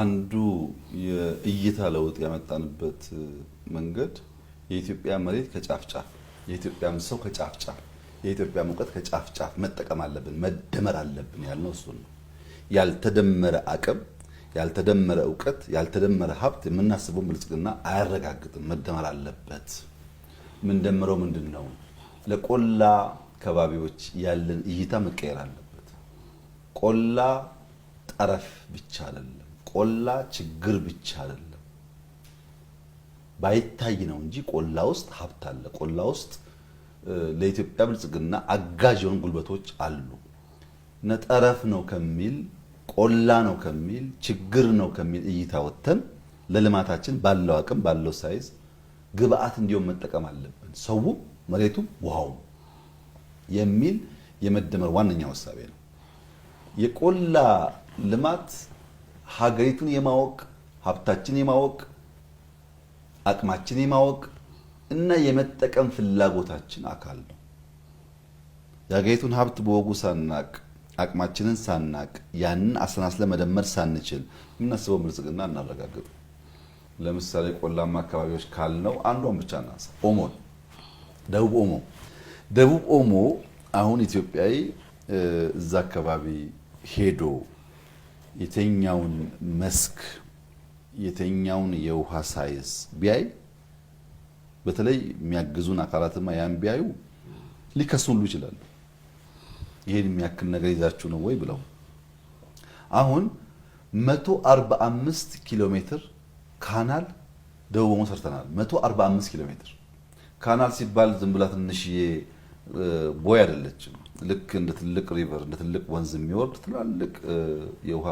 አንዱ የእይታ ለውጥ ያመጣንበት መንገድ የኢትዮጵያ መሬት ከጫፍ ጫፍ፣ የኢትዮጵያም ሰው ከጫፍ ጫፍ፣ የኢትዮጵያ ሙቀት ከጫፍ ጫፍ መጠቀም አለብን፣ መደመር አለብን ያልነው እሱን ነው። ያልተደመረ አቅም፣ ያልተደመረ እውቀት፣ ያልተደመረ ሀብት የምናስበውን ብልጽግና አያረጋግጥም። መደመር አለበት። ምንደምረው ምንድን ነው? ለቆላ ከባቢዎች ያለን እይታ መቀየር አለበት። ቆላ ጠረፍ ብቻ አይደለም። ቆላ ችግር ብቻ አይደለም፣ ባይታይ ነው እንጂ ቆላ ውስጥ ሀብት አለ። ቆላ ውስጥ ለኢትዮጵያ ብልጽግና አጋዥ የሆኑ ጉልበቶች አሉ። ነጠረፍ ነው ከሚል ቆላ ነው ከሚል ችግር ነው ከሚል እይታ ወጥተን ለልማታችን ባለው አቅም ባለው ሳይዝ ግብአት እንዲሆን መጠቀም አለብን። ሰውም መሬቱም ውሃውም የሚል የመደመር ዋነኛ ወሳቤ ነው። የቆላ ልማት ሀገሪቱን የማወቅ ሀብታችን የማወቅ አቅማችን የማወቅ እና የመጠቀም ፍላጎታችን አካል ነው። የሀገሪቱን ሀብት በወጉ ሳናቅ አቅማችንን ሳናቅ ያንን አሰናስለ መደመር ሳንችል የምናስበው ብልጽግና እናረጋግጥ። ለምሳሌ ቆላማ አካባቢዎች ካልነው አንዷን ብቻ እናንሳ፣ ኦሞን፣ ደቡብ ኦሞ። ደቡብ ኦሞ አሁን ኢትዮጵያዊ እዛ አካባቢ ሄዶ የተኛውን መስክ የተኛውን የውሃ ሳይዝ ቢያይ በተለይ የሚያግዙን አካላትማ ያን ቢያዩ ሊከሱሉ ይችላል። ይችላሉ። ይሄን የሚያክል ነገር ይዛችሁ ነው ወይ ብለው አሁን 145 ኪሎ ሜትር ካናል ደቡብ ሰርተናል። 145 ኪሎ ሜትር ካናል ሲባል ዝም ብላ ትንሽዬ ቦይ አይደለችም። ልክ እንደ ትልቅ ሪቨር እንደ ትልቅ ወንዝ የሚወርድ ትላልቅ የውሃ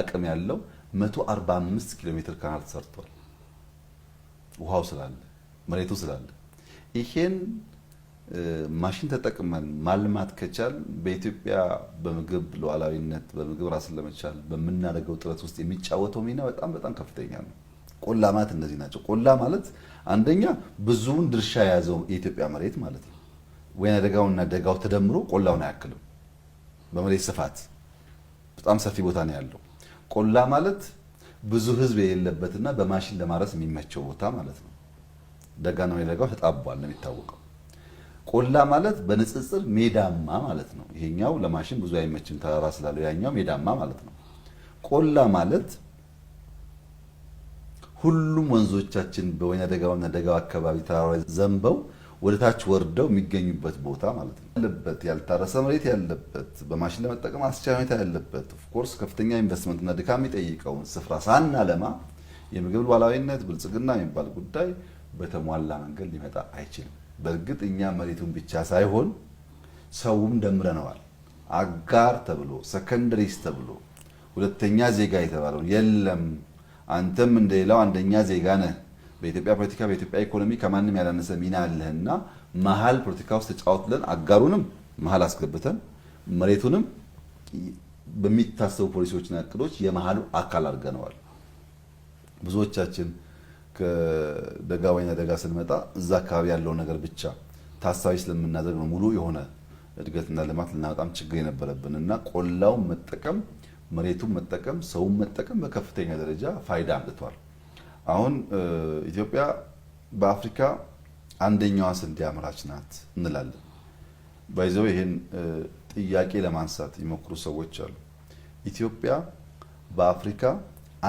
አቅም ያለው 145 ኪሎ ሜትር ካናል ተሰርቷል። ውሃው ስላለ መሬቱ ስላለ ይሄን ማሽን ተጠቅመን ማልማት ከቻል በኢትዮጵያ በምግብ ሉዓላዊነት በምግብ ራስን ለመቻል በምናደርገው ጥረት ውስጥ የሚጫወተው ሚና በጣም በጣም ከፍተኛ ነው። ቆላ ማለት እነዚህ ናቸው። ቆላ ማለት አንደኛ ብዙውን ድርሻ የያዘው የኢትዮጵያ መሬት ማለት ነው። ወይና ደጋውና ደጋው ተደምሮ ቆላውን አያክልም። በመሬት ስፋት በጣም ሰፊ ቦታ ነው ያለው። ቆላ ማለት ብዙ ህዝብ የሌለበትና በማሽን ለማረስ የሚመቸው ቦታ ማለት ነው። ደጋ ነው ደጋው ተጣቧል ነው የሚታወቀው። ቆላ ማለት በንጽጽር ሜዳማ ማለት ነው። ይሄኛው ለማሽን ብዙ አይመችም ተራራ ስላለው፣ ያኛው ሜዳማ ማለት ነው። ቆላ ማለት ሁሉም ወንዞቻችን በወይና ደጋውና ደጋው አካባቢ ተራራ ዘንበው ወደ ታች ወርደው የሚገኙበት ቦታ ማለት ነው ያለበት ያልታረሰ መሬት ያለበት በማሽን ለመጠቀም አስቻይ ሁኔታ ያለበት ኦፍኮርስ ከፍተኛ ኢንቨስትመንትና ድካም የሚጠይቀውን ስፍራ ሳናለማ የምግብ ሉዓላዊነት ብልጽግና የሚባል ጉዳይ በተሟላ መንገድ ሊመጣ አይችልም። በእርግጥ እኛ መሬቱን ብቻ ሳይሆን ሰውም ደምረነዋል። አጋር ተብሎ ሰከንደሪስ ተብሎ ሁለተኛ ዜጋ የተባለው የለም አንተም እንደሌላው አንደኛ ዜጋ ነህ በኢትዮጵያ ፖለቲካ በኢትዮጵያ ኢኮኖሚ ከማንም ያላነሰ ሚና አለህና መሀል ፖለቲካ ውስጥ ተጫወት ብለን አጋሩንም መሀል አስገብተን መሬቱንም በሚታሰቡ ፖሊሲዎችና እቅዶች የመሀሉ አካል አድርገነዋል። ብዙዎቻችን ከደጋ ወይና ደጋ ስንመጣ እዛ አካባቢ ያለውን ነገር ብቻ ታሳቢ ስለምናደርግ ነው ሙሉ የሆነ እድገትና ልማት ልናመጣም ችግር የነበረብን እና ቆላውን መጠቀም መሬቱን መጠቀም ሰውን መጠቀም በከፍተኛ ደረጃ ፋይዳ አምጥቷል። አሁን ኢትዮጵያ በአፍሪካ አንደኛዋ ስንዴ አምራች ናት እንላለን። ባይዘው ይሄን ጥያቄ ለማንሳት ይሞክሩ ሰዎች አሉ። ኢትዮጵያ በአፍሪካ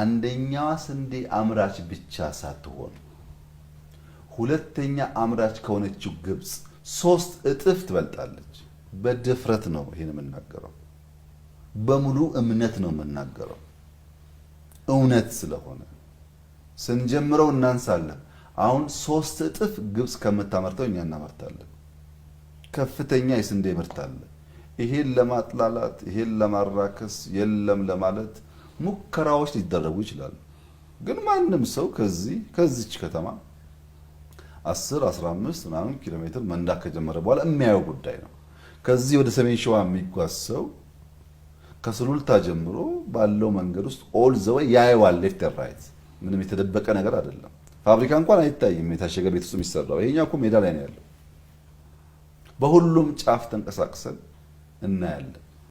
አንደኛዋ ስንዴ አምራች ብቻ ሳትሆን ሁለተኛ አምራች ከሆነችው ግብፅ ሶስት እጥፍ ትበልጣለች። በድፍረት ነው ይሄን የምናገረው፣ በሙሉ እምነት ነው የምናገረው እውነት ስለሆነ ስንጀምረው እናንሳለን። አሁን ሶስት እጥፍ ግብፅ ከምታመርተው እኛ እናመርታለን። ከፍተኛ የስንዴ ምርት አለ። ይሄን ለማጥላላት ይሄን ለማራከስ የለም ለማለት ሙከራዎች ሊደረጉ ይችላሉ። ግን ማንም ሰው ከዚህ ከዚች ከተማ 10 15 ምናምን ኪሎ ሜትር መንዳት ከጀመረ በኋላ የሚያየው ጉዳይ ነው። ከዚህ ወደ ሰሜን ሸዋ የሚጓዝ ሰው ከስሉልታ ጀምሮ ባለው መንገድ ውስጥ ኦል ዘ ያየዋል ሌፍት ራይት ምንም የተደበቀ ነገር አይደለም። ፋብሪካ እንኳን አይታይም የታሸገ ቤት ውስጥ የሚሰራው ይሄኛው እኮ ሜዳ ላይ ነው ያለው። በሁሉም ጫፍ ተንቀሳቅሰን እናያለን።